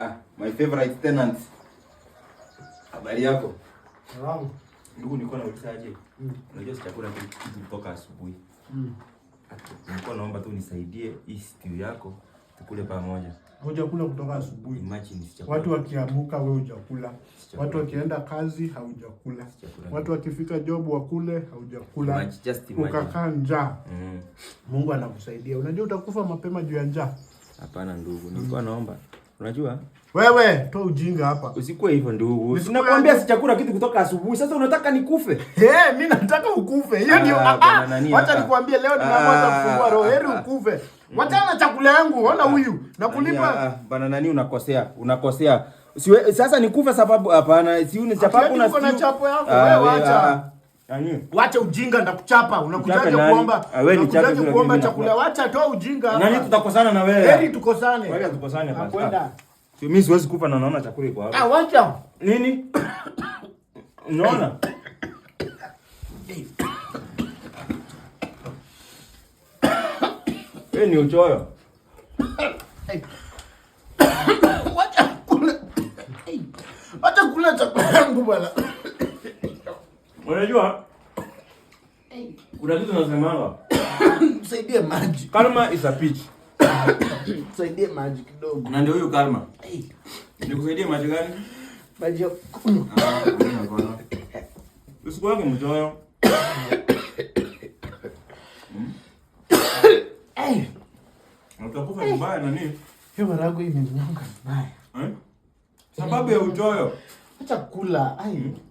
Ah, my favorite tenant. Habari yako? Salamu. Ndugu, nilikuwa nauliza aje. Mm. Unajua si chakula kitu kutoka asubuhi. Mm. Niko naomba tu nisaidie hii stew yako tukule pamoja. Ngoja kula kutoka asubuhi. Imagine si chakula. Watu wakiamuka wewe hujakula. Watu wakienda kazi haujakula. Watu wakifika job wakule haujakula. Ukakaa njaa. Mm. Mungu anakusaidia. Unajua utakufa mapema juu ya njaa. Hapana ndugu, nilikuwa naomba. Unajua? Wewe toa ujinga hapa. Usikue hivyo ndugu. Sinakwambia si chakula kitu kutoka asubuhi. Sasa unataka nikufe? Eh, hey, mimi nataka ukufe. Hiyo ndio. Ah, ah, wacha nikwambie leo ni ninaanza ah, kufungua roho. Heri ukufe. Mm. Wacha na chakula yangu. Ona huyu. Nakulipa. Bana nani unakosea? Unakosea. Siwe, sasa nikufe sababu hapana, si una chapapo na chapo yako. Wewe eh, acha. Yaani? Wacha ujinga kuchapa. Unakujaje kuomba? Ah, Unakujaje kuomba chakula? Wacha toa ujinga. Nani tutakosana na wewe? Heri tukosane. Wewe tukosane basi. Kwenda. Si mimi siwezi kupa na naona chakula iko hapa. Ah, wacha. Nini? Unaona? Wewe ni uchoyo. Wacha kula. Wacha kula chakula yangu bwana. Unajua kuna kitu nasemanga, msaidie maji. Karma is a bitch. Msaidie maji kidogo. Na ndio huyu Karma. Nikusaidie maji gani? Maji ya ah, kunywa. Usikwake mchoyo. Utakufa vibaya nani? Hiyo marago imenyonga vibaya. Eh? Sababu ya uchoyo. Acha kula. Ai. Hmm?